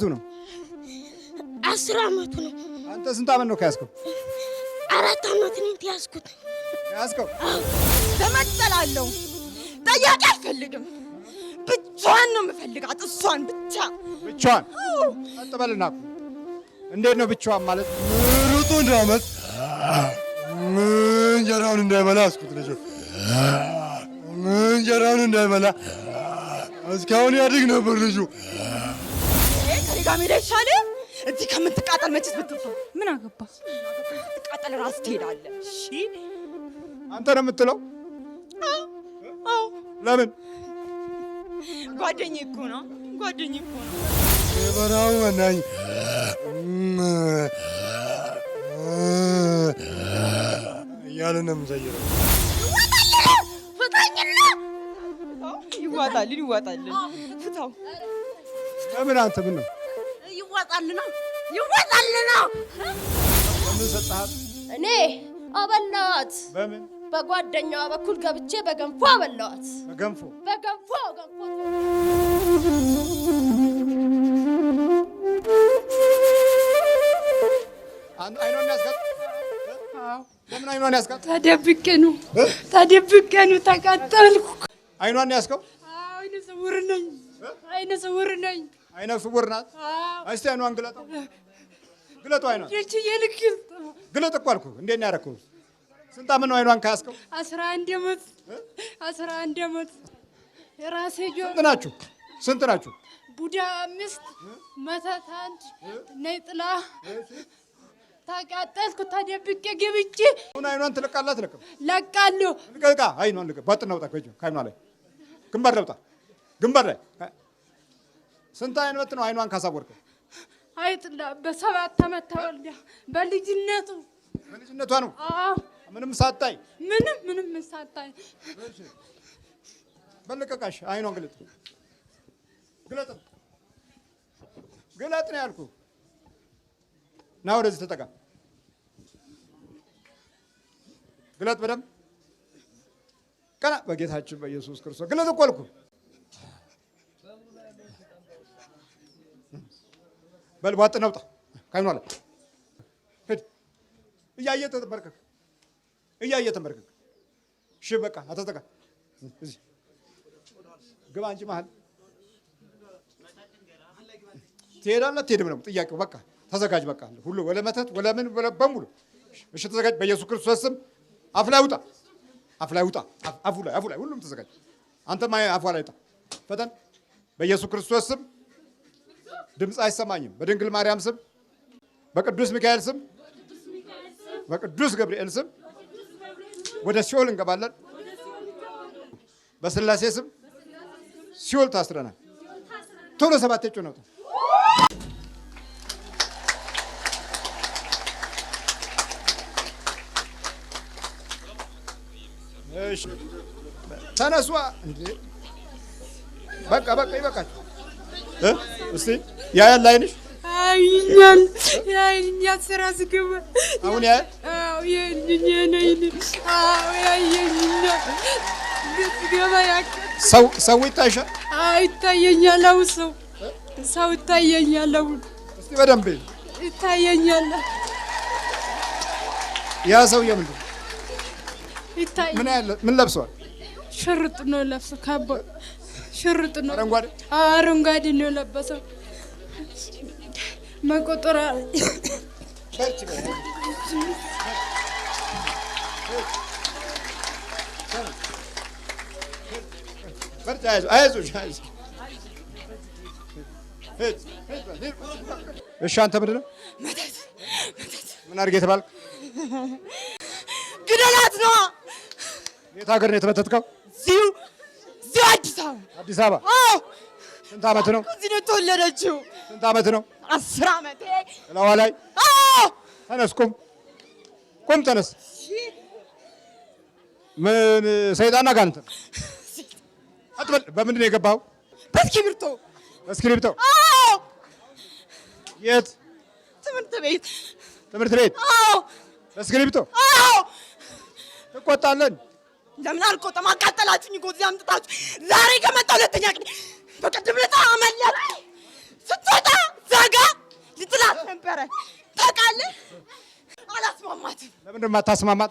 አመቱ ነው? አስር አመቱ ነው። አንተ ስንት አመት ነው ከያዝከው? አራት አመት ነው ያዝኩት። ያዝከው ተመጠላለሁ። ጠያቂ አልፈልግም። ብቻዋን ነው የምፈልጋት፣ እሷን ብቻ ብቻዋን። አጥበልና እንዴት ነው ብቻዋን ማለት? ምሩጡ እንዳመት ምን እንጀራውን እንዳይበላ አስኩት ልጅ ምን እንጀራውን እንዳይበላ እስካሁን ያድግ ነበር ልጁ ከኔ ጋር መሄድ አይሻልም? እዚህ ከምትቃጠል መቼስ ብትፋ ምን አገባ? ትቃጠል ራስ ትሄዳለ። እሺ አንተ ነው የምትለው? አዎ። ለምን? ጓደኝ እኮ ነው። ጓደኝ እኮ ነው። የበራው መናኝ እያለ ነው የምዘይረው። ይዋጣልን፣ ይዋጣልን። ፍታው። ለምን አንተ ምን ነው ይዋጣል ነው ይዋጣል ነው። ምን ሰጣት? እኔ አበላዋት። በምን? በጓደኛዋ በኩል ገብቼ በገንፎ አበላዋት። በገንፎ በገንፎ ገንፎ ተደብቄ ነው ተደብቄ ነው ተቃጠልኩ። አይኗን አይነ ስውር ነኝ አይነ ስውር ነኝ አይነ ስውር ናት። እስቲ አይኗን ግለጠው፣ ግለጠው፣ አይኗን ግለጥ እኮ አልኩህ። እንዴት ነው ያደረኩህ? ስንት ዓመት ነው አይኗን ከያዝከው? አስራ አንድ ዓመት አስራ አንድ ዓመት የራሴ ጆሮ። ስንት ናችሁ? ስንት ናችሁ? ቡዳ አምስት፣ መተት አንድ፣ ነይጥላ ታቃጠልኩ ተደብቄ ገብቼ ሁን። አይኗን ትለቃላት ለቅም ለቃለሁ። ልቀቃ፣ አይኗን ልቀቅ። ባጥናውጣ ከእጇ ከአይኗ ላይ ግንባር ለውጣ፣ ግንባር ላይ ስንት አይነት ነው አይኗን ካሳወርከ? አይጥ በሰባት አመት ተወልዳ በልጅነቱ በልጅነቷ ነው። አዎ ምንም ሳታይ ምንም ምንም ሳታይ በለቀቃሽ አይኗን ግለጥ፣ ግለጥ፣ ግለጥ ነው ያልኩ። ና ወደዚህ ተጠቃ ግለጥ በደምብ ቀና። በጌታችን በኢየሱስ ክርስቶስ ግለጥ እኮ አልኩ። በል ቧጥን አውጣ ካይኗ ላይ ሂድ። እያየ ተንበርከክ፣ እያየ ተንበርከክ። እሺ በቃ አታጠቃ። እዚህ ግባ እንጂ መሀል ትሄዳለህ ትሄድም ነው ጥያቄው። በቃ ተዘጋጅ። በቃ ሁሉ ወለ መተት ወለ ምን በሙሉ እሺ ተዘጋጅ። በኢየሱስ ክርስቶስ ስም አፍ ላይ ውጣ፣ አፍ ላይ ውጣ፣ አፉ ላይ አፉ ላይ ሁሉም ተዘጋጅ። አንተማ አፏ ላይ ውጣ። ፈጠን በኢየሱስ ክርስቶስ ስም ድምፅ አይሰማኝም። በድንግል ማርያም ስም፣ በቅዱስ ሚካኤል ስም፣ በቅዱስ ገብርኤል ስም ወደ ሲኦል እንገባለን። በስላሴ ስም ሲኦል ታስረናል። ቶሎ ሰባት ጩ ነው። ተነሷ! በቃ በቃ፣ ይበቃል። እስቲ ያያል አይንሽ ያይኛል ያይኛል። ስራ ስገባ አሁን ያ አው ያይኛል አው ያይኛል ስገባ ያቀ ሰው ሰው ይታይሻል? አይ ይታየኛል። አሁን ሰው ሰው ይታየኛል። አሁን እስቲ በደንብ ይታየኛል። ያ ሰውዬ ምንድን ነው? ምን ለብሷል? ሽርጥ ነው ለብሶ ካባ ሽርጥ ነው አረንጓዴ አረንጓዴ ነው የለበሰው። መቆጠር እሺ፣ አንተ ምንድን ነው ምን አድርጌ የተባልክ? ግደላት ነው። የት ሀገር ነው የተመተትከው? እዚሁ እዚሁ አዲስ አበባ አዲስ አበባ። ስንት ዓመት ነው? እዚህ ነው የተወለደችው። ስንት ዓመት ነው? አስር ዓመት ለዋ ላይ ተነስ ቁም ቁም ተነስ። ምን ሰይጣን አጋንንት አትበል። በምንድን ነው የገባው? በእስክሪብቶ በእስክሪብቶ። የት ትምህርት ቤት ትምህርት ቤት። በእስክሪብቶ። ትቆጣለን ለምን አልቆጠም? አቃጠላችሁኝ እኮ እዚህ አምጥታችሁ። ዛሬ ከመጣ ሁለተኛ ቀን በቀደም ዕለት አመለለ ስትወጣ ዘጋ ልትላት ነበረ ታውቃለህ። አላስማማትም። ለምንድን ነው የማታስማማት?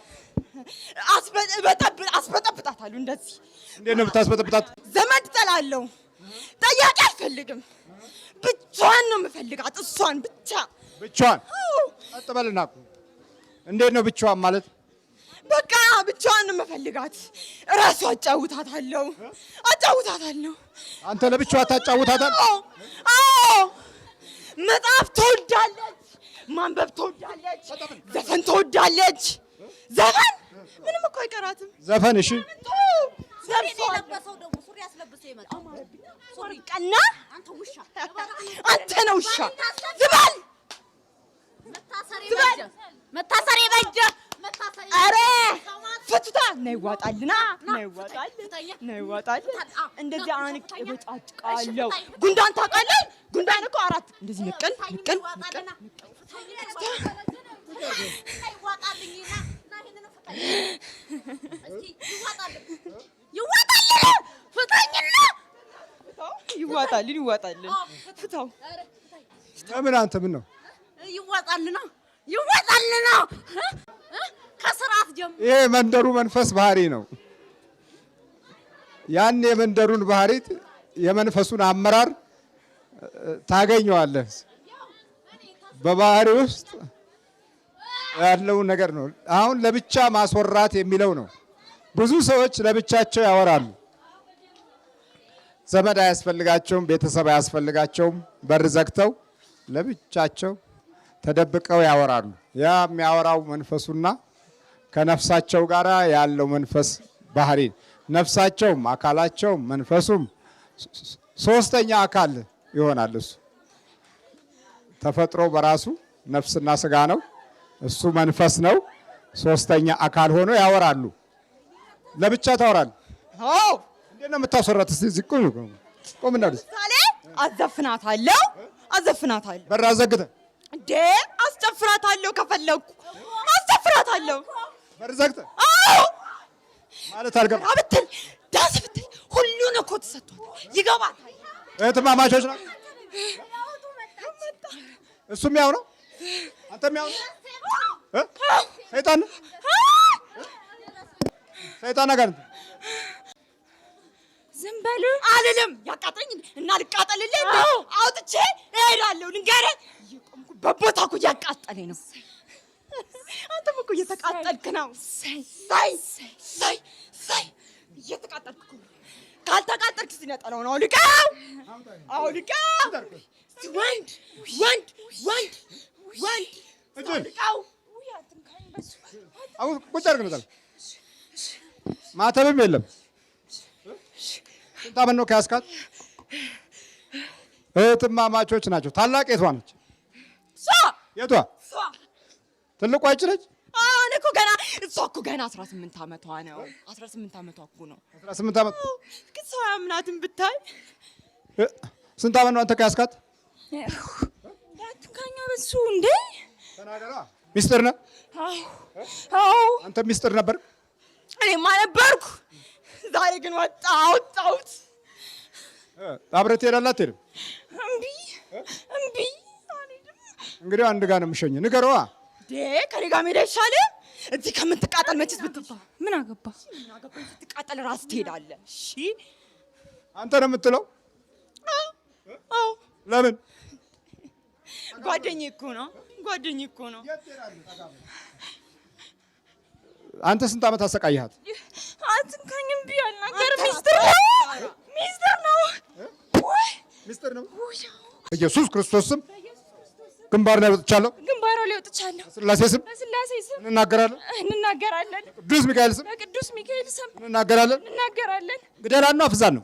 አስበጠብጣታለሁ። እንደዚህ እንዴት ነው ብታስበጠብጣት? ዘመድ እጠላለሁ። ጠያቂ አልፈልግም። ብቻዋን ነው የምፈልጋት። እሷን ብቻ ብቻዋን። ቀጥ እንዴት ነው ብቻዋን ማለት በቃ ብቻዋን መፈልጋት እራሱ አጫውታታለሁ አጫውታታለሁ። አንተ ለብቻዋ ታጫውታታል? አዎ መጽሐፍ ትወዳለች፣ ማንበብ ትወዳለች፣ ዘፈን ትወዳለች። ዘፈን ምንም እኮ አይቀራትም። ዘፈን እሺ ቀና አንተ ነው ውሻ ዝም በል መታሰር የበጀ ኧረ ፍቱታ ነይ ዋጣልና ነይ ዋጣልን ነይ ዋጣልን። እንደዚህ አንቄ በጫጭቃለሁ። ጉንዳን ታውቃለህ? ጉንዳን እኮ አራት እንደዚህ ንቅል ንቅል ንቅል ይዋጣልን፣ ፍታኝና ይዋጣልን፣ ይዋጣልን፣ ፍታው። ምን አንተ ምን ነው ይዋጣልና፣ ይዋጣልና ይሄ የመንደሩ መንፈስ ባህሪ ነው። ያን የመንደሩን ባህሪ የመንፈሱን አመራር ታገኘዋለህ። በባህሪ ውስጥ ያለውን ነገር ነው። አሁን ለብቻ ማስወራት የሚለው ነው። ብዙ ሰዎች ለብቻቸው ያወራሉ። ዘመድ አያስፈልጋቸውም፣ ቤተሰብ አያስፈልጋቸውም። በር ዘግተው ለብቻቸው ተደብቀው ያወራሉ። ያ የሚያወራው መንፈሱና ከነፍሳቸው ጋር ያለው መንፈስ ባህሪ ነፍሳቸውም አካላቸውም መንፈሱም ሶስተኛ አካል ይሆናል። እሱ ተፈጥሮ በራሱ ነፍስና ስጋ ነው። እሱ መንፈስ ነው። ሶስተኛ አካል ሆኖ ያወራሉ። ለብቻ ታወራል። አዎ እንዴት ነው የምታስወራት? እስቲ ዝቅ ቆም እናድርስ። አዘፍናታለሁ አዘፍናታለሁ። በራ ዘግተ እንዴ አስጨፍራታለሁ። ከፈለግኩ አስጨፍራታለሁ። በርዘግተ አዎ ማለት አልገባ አብትል ዳስ ብትል ሁሉን እኮ ተሰጥቷል። ይገባታል። እህትማማቾች ናቸው። እሱም ያው ነው፣ አንተም ያው ነው። ሰይጣን ሰይጣን ነገር ዝም በሉ አልልም። ያቃጠኝ እና ልቃጠልልህ አውጥቼ እሄዳለሁ። ልንገርህ የቆምኩበት እኮ እያቃጠለኝ ነው። አንተም እኮ እየተቃጠልክ ነው። እየተቃጠልክ እኮ ነው። ካልተቃጠልክ ሲነጠለው ነው። አውልቀው አውልቀው። ወንድ ወንድ ወንድ ወንድ አውልቀው። ቁጭ አድርግ ነው። ማተብም የለም። ስንታመን ነው ከያዝካት? እህትማማቾች ናቸው። ታላቅ የቷ ነች? የቷ ትልቁ አንቺ ነች። እኮ ገና እሷ እኮ ገና 18 ዓመቷ ነው። 18 ዓመቷ እኮ ነው። 18 ዓመት ግን ሰው አምናትን ብታይ። ስንት ዓመት ነው አንተ ከያዝካት? ያቱካኛ በሱ እንዴ ተናገራ። ሚስጥር ነ አዎ አንተ ሚስጥር ነበር። እኔማ ነበርኩ። ዛሬ ግን ወጣ አወጣሁት። አብረህ ትሄዳለህ አትሄድም? እምቢ እምቢ። እንግዲህ አንድ ጋር ነው የምሸኘው። ንገረዋ ከኔ ጋር መሄድ አይሻልም? እዚህ ከምትቃጠል መቼስ ብትባ ምን አገባ ስትቃጠል ራስ ትሄዳለ። እሺ አንተ ነው የምትለው? አዎ። ለምን? ጓደኛዬ እኮ ነው፣ ጓደኛዬ እኮ ነው። አንተ ስንት ዓመት አሰቃየሃት? አትንካኝም ብያለሁ። ነገር ሚስጥር ነው፣ ሚስጥር ነው፣ ሚስጥር ነው። ኢየሱስ ክርስቶስም ግንባር ላይ ወጥቻለሁ። ግንባር ላይ ወጥቻለሁ። ስላሴ ስም ስላሴ ስም እንናገራለን እንናገራለን። ሚካኤል ስም ቅዱስ ሚካኤል ስም እንናገራለን እንናገራለን። ነው አፍዛን ነው።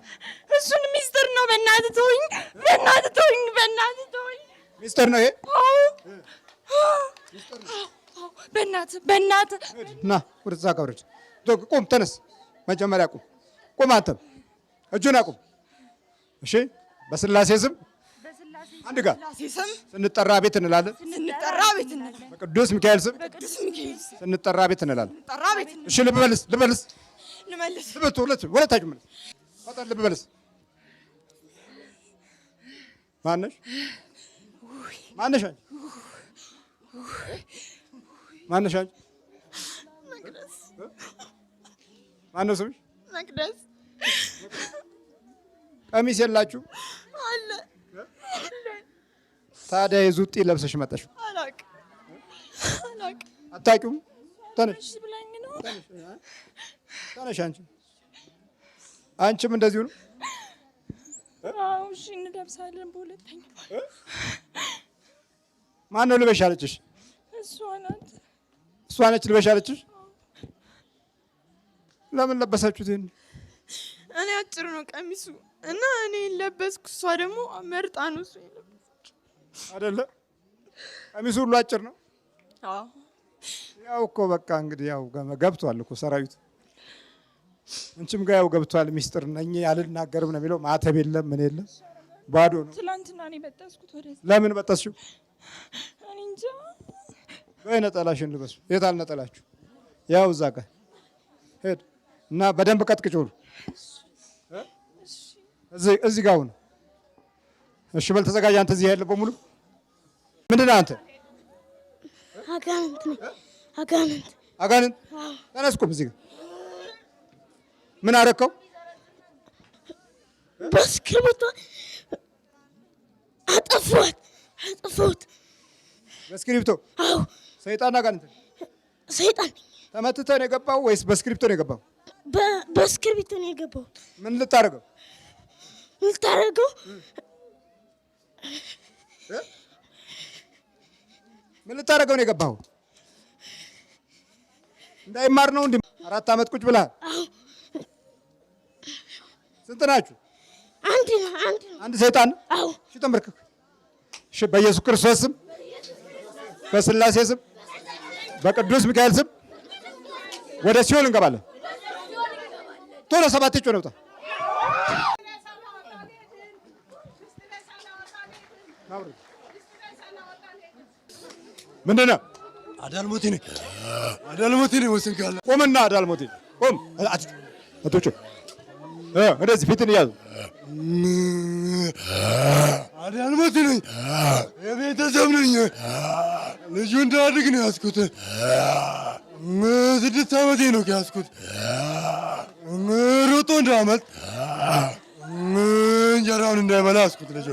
እሱን ሚስጥር ነው። በእናትህ ተወኝ፣ በእናትህ ተወኝ፣ በእናትህ ተወኝ። ሚስጥር ነው ይሄ። በእናትህ በእናትህ ና ወደዛ ቀብረች። ቁም፣ ተነስ። መጀመሪያ ቁም፣ ቁም። አንተም እጁን አቁም። እሺ፣ በስላሴ ስም አንድ ጋር ስንጠራ ቤት እንላለን። ስንጠራ ቤት እንላለን። በቅዱስ ሚካኤል ስም ስንጠራ ቤት እንላለን። እሺ፣ ልብ በልስ፣ ልብ በልስ፣ ልብ ልብበልስ ማነሽ? ማነሽ? ማነሽ? ማነው ስምሽ? መቅደስ። ቀሚስ የላችሁ? አለ ታዲያ የዙጢ ለብሰሽ መጣሽ? አላውቅም አላውቅም። አታውቂውም? ተነሽ ተነሽ። አንቺ አንቺም እንደዚሁ ነው። እሺ እንለብሳለን። በሁለተኛው ማን ነው ልበሽ አለችሽ? እሷ ናት። እሷ ነች ልበሽ አለችሽ? ለምን ለበሳችሁት? ይሄን እኔ አጭር ነው ቀሚሱ እና እኔ ለበስኩ፣ እሷ ደግሞ መርጣ ነው እሱ አይደለ? ቀሚሱ ሁሉ አጭር ነው። ያው እኮ በቃ እንግዲህ ያው ገብቷል እኮ ሰራዊት እንችም ጋር ያው ገብቷል። ሚስጥር ነኝ አልናገርም ነው የሚለው። ማተብ የለም ምን የለም ባዶ ነው። ትናንትና እኔ በጠስኩት። ወደዚህ ለምን በጠስሽው? እኔ እንጃ። ወይ ነጠላሽን ልበሱ። የት አልነጠላችሁ? ያው እዛ ጋር ሄድ እና በደንብ ቀጥቅጭሉ እዚህ ጋር ሁን። እሺ በል ተዘጋጅ። አንተ እዚህ ያለ በሙሉ ምንድን ነህ አንተ? አጋንንት አጋንንት አጋንንት። ተነስ ቁም። እዚህ ጋር ምን አደረከው? አጠፋሁት፣ አጠፋሁት። አዎ። ሰይጣን አጋንንት? ሰይጣን። ተመትተህ ነው የገባው ወይስ በእስክርብቶ ነው የገባው? በእስክርብቶ ነው የገባው። ምን ልታደርገው ልታደርገው ምን ልታደርገው ነው የገባኸው? እንዳይማር ነው እንዲ አራት አመት ቁጭ ብላ። ስንት ናችሁ? አንድ ሰይጣን። እሺ ተንበርክክ። እሺ በኢየሱስ ክርስቶስ ስም፣ በስላሴ ስም፣ በቅዱስ ሚካኤል ስም ወደ ሲኦል እንገባለን። ቶሎ ሰባት ጮህ ነውጣ ምንድን ነው? አዳልሞቲ ነኝ፣ አዳልሞቲ ነኝ። ወስን ካለ ቆምና አዳልሞቲ ቆም። አቶቹ እንደዚህ ፊትን ያዙ። አዳልሞቲ ነኝ፣ የቤተሰብ ነኝ። ልጁ እንዳድግ ነው ያዝኩት። ስድስት ዓመቴ ነው ያዝኩት። ሮጦ እንዳመልጥ እንጀራውን እንዳይበላ ያዝኩት ልጁ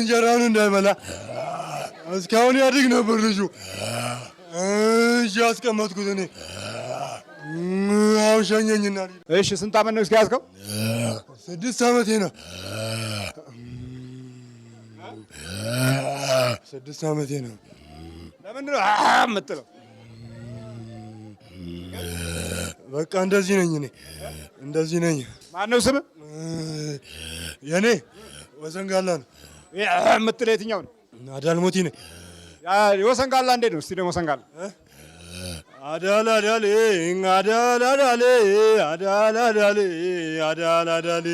እንጀራውን እንዳይበላ እስካሁን ያድግ ነበር ልጁ። እሺ ያስቀመጥኩት እኔ አሁን ሸኘኝና። እሺ ስንት ዓመት ነው እስኪ ያዝከው? ስድስት ዓመቴ ነው። ስድስት ዓመቴ ነው። ለምንድን ነው የምትለው? በቃ እንደዚህ ነኝ እኔ እንደዚህ ነኝ። ማነው ስም? የእኔ ወዘንጋላ ነው። የምትለው የትኛው ነው? አዳልሞቲ ነኝ። ወሰንጋላ እንዴት ነው? እስቲ ደግሞ ሰንጋላ አዳል አዳል አዳል አዳል አዳል አዳል አዳል አዳል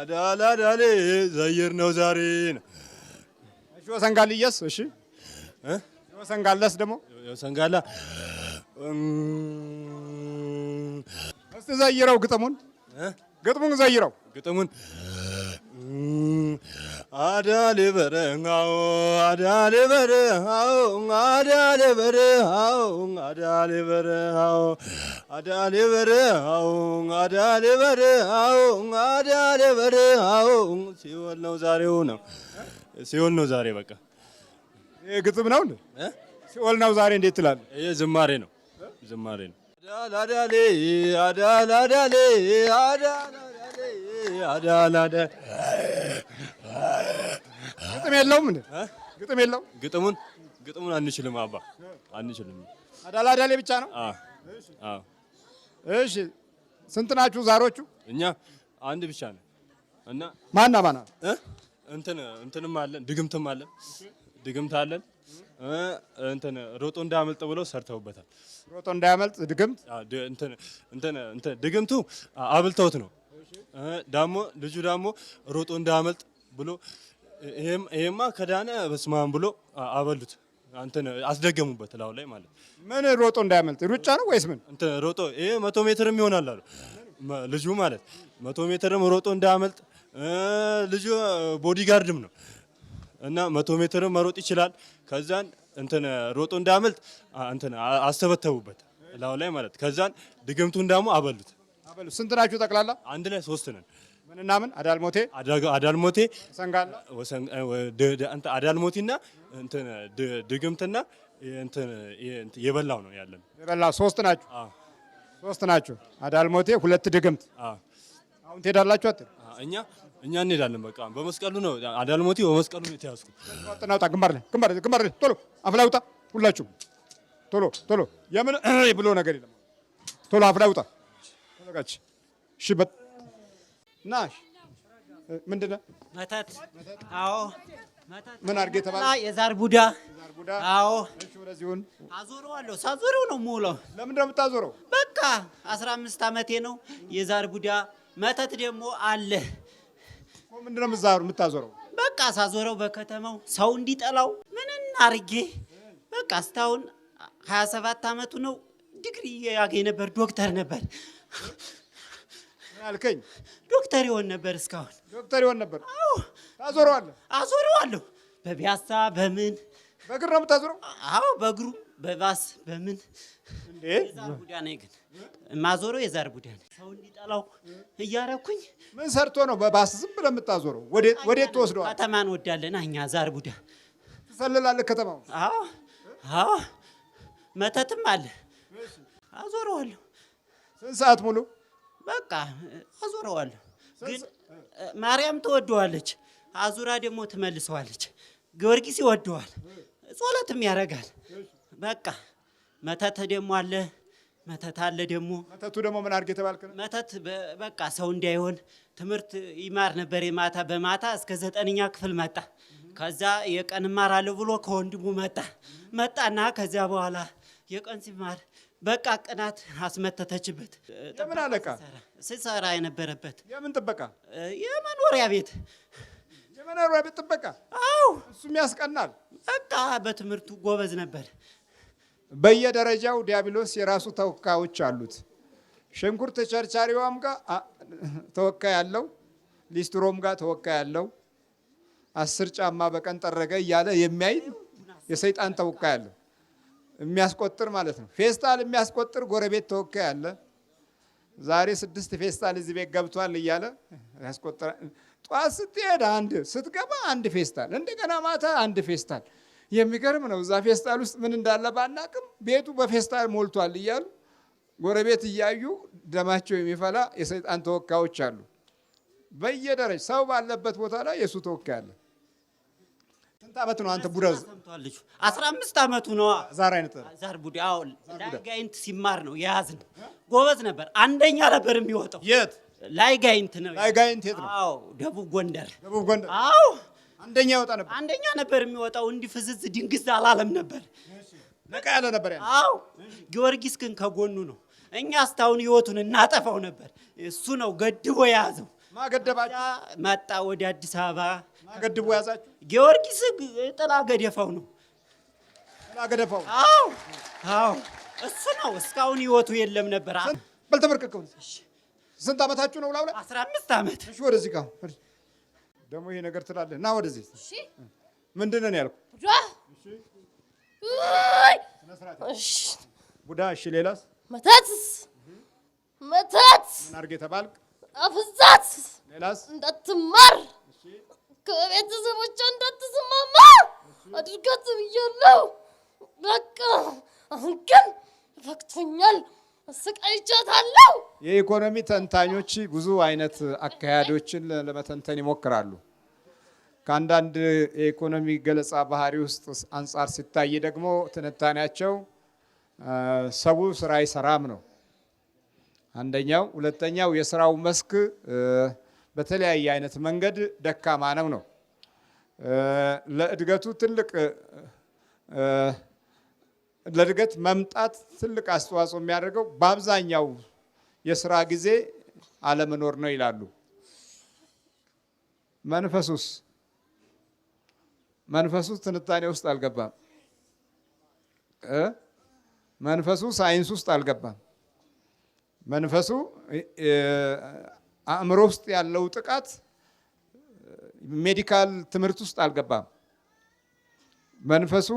አዳል አዳል ዘየር ነው ዛሬ ነው። እሺ ወሰንጋልየስ? እሺ ወሰንጋላስ ደግሞ ወሰንጋላ እስቲ ዘይረው ግጥሙን ግጥሙን ዘይረው ግጥሙን አዳሌ በረሃው አዳሌ በረሃው አዳሌ በረሃው አዳሌ በረሃው አዳሌ በረሃው አዳሌ በረሃው አዳሌ በረሃው ሲወል ነው ዛሬው ነው ሲወል ነው ዛሬ በቃ ግጥም ነው እንዴ ሲወል ነው ዛሬ እንዴት ትላለህ? ይሄ ዝማሬ ነው ዝማሬ ነው። አዳል አዳሌ አዳል አዳሌ አዳል አዳሌ ግጥም የለውም እንዴ? ግጥም የለውም። ግጥሙን ግጥሙን አንችልም አባ አንችልም። አዳላ አዳሌ ብቻ ነው። አዎ እሺ። ስንት ናችሁ ዛሮቹ? እኛ አንድ ብቻ ነው እና ማና ማና እንትን እንትንም አለን ድግምትም አለን ድግምት አለን። እንትን ሮጦ እንዳያመልጥ ብለው ሰርተውበታል። ሮጦ እንዳያመልጥ ድግምት ድግምቱ አብልተውት ነው። ዳሞ ልጁ ዳሞ ሮጦ እንዳያመልጥ ብሎ ይሄማ ከዳነ በስማም ብሎ አበሉት። አንተን አስደገሙበት ላው ላይ ማለት ምን ሮጦ እንዳያመልጥ ሩጫ ነው ወይስ ምን እንትን ሮጦ ይሄ መቶ ሜትርም ይሆናል አሉ ልጁ ማለት መቶ ሜትርም ሮጦ እንዳያመልጥ ልጁ ቦዲጋርድም ነው እና መቶ ሜትርም መሮጥ ይችላል። ከዛን እንትን ሮጦ እንዳያመልጥ እንትን አስተበተቡበት ላው ላይ ማለት ከዛን ድግምቱን ደግሞ አበሉት። ስንት ናችሁ ጠቅላላ? አንድ ላይ ሶስት ነን። ምንና ምን አዳልሞቴ አዳልሞቴ ሰንጋላ አዳልሞቴና ድግምትና የበላው ነው ያለን። የበላው ሶስት ናችሁ፣ ሶስት ናችሁ። አዳልሞቴ ሁለት ድግምት። አሁን ትሄዳላችሁ አትል እኛ እኛ እንሄዳለን። በቃ በመስቀሉ ነው አዳልሞቴ፣ በመስቀሉ ነው የተያዝኩት። ወጥናውጣ ግንባር ላይ ግንባር ላይ ግንባር ላይ ቶሎ አፍላይ ሁላችሁ ቶሎ ቶሎ የምን ብሎ ነገር የለም። ቶሎ አፍላይ ውጣ። ሽበት ናሽ ምንድነው? መተት አዎ፣ ምን አድርጌ ተባለ? የዛር ቡዳ አዎ። እሺ፣ ወደዚሁን አዞረዋለሁ። ሳዞረው ነው የምውለው። ለምንድን ነው የምታዞረው? በቃ አስራ አምስት ዓመቴ ነው። የዛር ቡዳ መተት ደግሞ አለ። ምንድነው የምታዞረው? በቃ ሳዞረው በከተማው ሰው እንዲጠላው ምን አድርጌ በቃ እስካሁን 27 ዓመቱ ነው። ዲግሪ ያገኝ ነበር፣ ዶክተር ነበር አልከኝ። ዶክተር ይሆን ነበር እስካሁን ዶክተር ይሆን ነበር። አዎ ታዞረዋለህ? አዞረዋለሁ። በፒያሳ በምን በእግር ነው የምታዞረው? አዎ በእግሩ በባስ በምን እንዴ? የዛር ቡዳ ነኝ ግን የማዞረው የዛር ቡዳ ነኝ። ሰው እንዲጠላው እያረኩኝ ምን ሰርቶ ነው በባስ ዝም ብለህ የምታዞረው? ወዴት ትወስደዋል? ከተማን ወዳለና እኛ ዛር ቡዳ ትሰልላለህ ከተማው። አዎ አዎ መተትም አለ። አዞረዋለሁ። ስንት ሰዓት ሙሉ በቃ አዙረዋል። ግን ማርያም ትወደዋለች፣ አዙራ ደግሞ ትመልሰዋለች። ጊዮርጊስ ይወደዋል፣ ጸሎትም ያደርጋል። በቃ መተት ደግሞ አለ፣ መተት አለ ደግሞ መተቱ ደግሞ ምን አድርግ የተባልክ ነው። መተት በቃ ሰው እንዳይሆን ትምህርት ይማር ነበር። የማታ በማታ እስከ ዘጠነኛ ክፍል መጣ። ከዛ የቀን እማራለሁ ብሎ ከወንድሙ መጣ መጣና ከዚያ በኋላ የቀን ሲማር በቃ ቅናት አስመተተችበት። የምን አለቃ ሲሰራ የነበረበት የምን ጥበቃ? የመኖሪያ ቤት የመኖሪያ ቤት ጥበቃ። አዎ እሱም ያስቀናል። በቃ በትምህርቱ ጎበዝ ነበር። በየደረጃው ዲያብሎስ የራሱ ተወካዮች አሉት። ሽንኩርት ቸርቻሪዋም ጋር ተወካይ አለው፣ ሊስትሮም ጋር ተወካይ አለው። አስር ጫማ በቀን ጠረገ እያለ የሚያይ የሰይጣን ተወካይ አለው። የሚያስቆጥር ማለት ነው። ፌስታል የሚያስቆጥር ጎረቤት ተወካይ አለ። ዛሬ ስድስት ፌስታል እዚህ ቤት ገብቷል እያለ ያስቆጥራ። ጠዋት ስትሄድ አንድ ስትገባ አንድ ፌስታል፣ እንደገና ማታ አንድ ፌስታል። የሚገርም ነው። እዛ ፌስታል ውስጥ ምን እንዳለ ባናቅም ቤቱ በፌስታል ሞልቷል እያሉ ጎረቤት እያዩ ደማቸው የሚፈላ የሰይጣን ተወካዮች አሉ። በየደረጃ ሰው ባለበት ቦታ ላይ የእሱ ተወካይ አለ። ስንት ዓመቱ ነው አንተ ጉዳዝ? አስራ አምስት ዓመቱ ነው። ዛር አይነት ዛር ቡዳ ላይጋይንት ሲማር ነው የያዝን። ጎበዝ ነበር። አንደኛ ነበር የሚወጣው። የት ላይጋይንት ነው? ላይጋይንት የት ነው? አዎ ደቡብ ጎንደር፣ ደቡብ ጎንደር። አዎ አንደኛ ይወጣ ነበር። አንደኛ ነበር የሚወጣው። እንዲህ ፍዝዝ ድንግዝ አላለም ነበር። ነቃ ያለ ነበር። አዎ ጊዮርጊስ ግን ከጎኑ ነው። እኛ እስካሁን ህይወቱን እናጠፋው ነበር። እሱ ነው ገድቦ የያዘው። ማገደባቸው መጣ ወደ አዲስ አበባ ገድቦ ያዛችሁ? ጊዮርጊስ ጥላ ገደፋው ነው። ጥላ ገደፋው? አዎ፣ አዎ፣ እሱ ነው። እስካሁን ህይወቱ የለም ነበር። በል በልተመርከከው ስንት አመታችሁ ነው? ላውላ 15 አመት። እሺ፣ ወደዚህ ጋር ደግሞ ይሄ ነገር ትላለህ ና ወደዚህ። እሺ፣ ምንድን ነው ያልኩህ? እሺ፣ ቡዳ። እሺ፣ ሌላስ? መተት መተት። ምን አድርጌ ተባልክ? አፍዛት። ሌላስ? እንዳትማር ከቤተሰቦቿ እንዳትስማማ አድርጋት ብያለሁ። በቃ አሁን ግን ፈቅቶኛል። አሰቃይቻታለሁ። የኢኮኖሚ ተንታኞች ብዙ አይነት አካሄዶችን ለመተንተን ይሞክራሉ። ከአንዳንድ የኢኮኖሚ ገለጻ ባህሪ ውስጥ አንጻር ሲታይ ደግሞ ትንታኔያቸው ሰው ስራ አይሰራም ነው አንደኛው። ሁለተኛው የስራው መስክ በተለያየ አይነት መንገድ ደካማ ነው ነው ለእድገቱ ትልቅ ለእድገት መምጣት ትልቅ አስተዋጽኦ የሚያደርገው በአብዛኛው የስራ ጊዜ አለመኖር ነው ይላሉ። መንፈሱስ መንፈሱ ትንታኔ ውስጥ አልገባም። መንፈሱ ሳይንስ ውስጥ አልገባም። መንፈሱ አእምሮ ውስጥ ያለው ጥቃት ሜዲካል ትምህርት ውስጥ አልገባም። መንፈሱ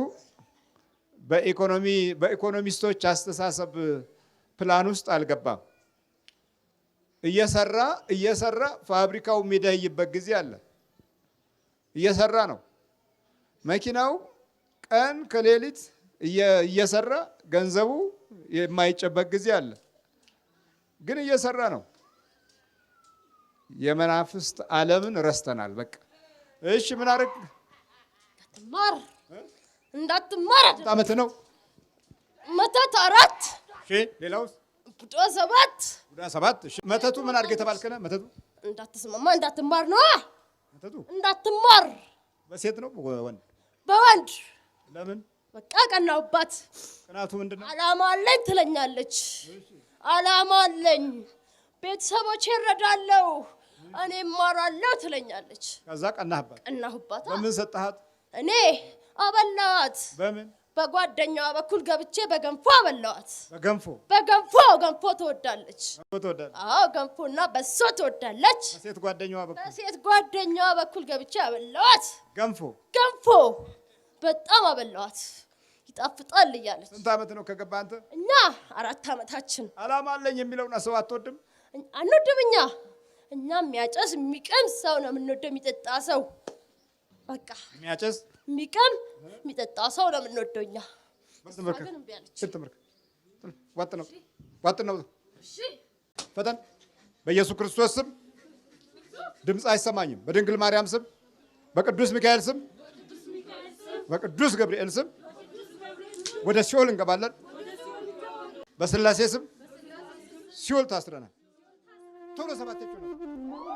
በኢኮኖሚስቶች አስተሳሰብ ፕላን ውስጥ አልገባም። እየሰራ እየሰራ ፋብሪካው የሚደይበት ጊዜ አለ። እየሰራ ነው መኪናው ቀን ከሌሊት እየሰራ ገንዘቡ የማይጨበት ጊዜ አለ። ግን እየሰራ ነው። የመናፍስት ዓለምን ረስተናል። በቃ እሺ፣ ምን አረግ እንዳትማር እንዳትማር ዓመት ነው መተት አራት እሺ፣ ሌላውስ ቡዳ ሰባት ቡዳ ሰባት እሺ። መተቱ ምን አድርገህ የተባልከነ መተቱ እንዳትስማማ እንዳትማር ነው። መተቱ እንዳትማር በሴት ነው ወንድ በወንድ ለምን በቃ ቀናውባት። ቅናቱ ምንድን ነው? አላማ አለኝ ትለኛለች። አላማ አለኝ ቤተሰቦች እረዳለሁ፣ እኔ እማራለሁ ትለኛለች። ከዛ ቀናህባት ቀናሁባታ። በምን ሰጠሃት? እኔ አበላዋት። በምን በጓደኛዋ በኩል ገብቼ በገንፎ አበላዋት። በገንፎ በገንፎ ገንፎ ትወዳለች። አዎ ገንፎና በሶ ትወዳለች። በሴት ጓደኛዋ በኩል በሴት ጓደኛዋ በኩል ገብቼ አበላዋት። ገንፎ ገንፎ በጣም አበላዋት። ይጣፍጣል እያለች። ስንት ዓመት ነው ከገባ አንተ? እኛ አራት ዓመታችን። አላማ አለኝ የሚለውና ሰው አትወድም አንወድም እኛ እኛ የሚያጨስ የሚቀም ሰው ነው የምንወደው። የሚጠጣ ሰው በቃ የሚያጨስ የሚቀም የሚጠጣ ሰው ነው የምንወደው እኛ። ፈጠን። በኢየሱስ ክርስቶስ ስም ድምፅ አይሰማኝም። በድንግል ማርያም ስም፣ በቅዱስ ሚካኤል ስም፣ በቅዱስ ገብርኤል ስም ወደ ሲኦል እንገባለን። በስላሴ ስም ሲኦል ታስረናል። トロさばってっちょの。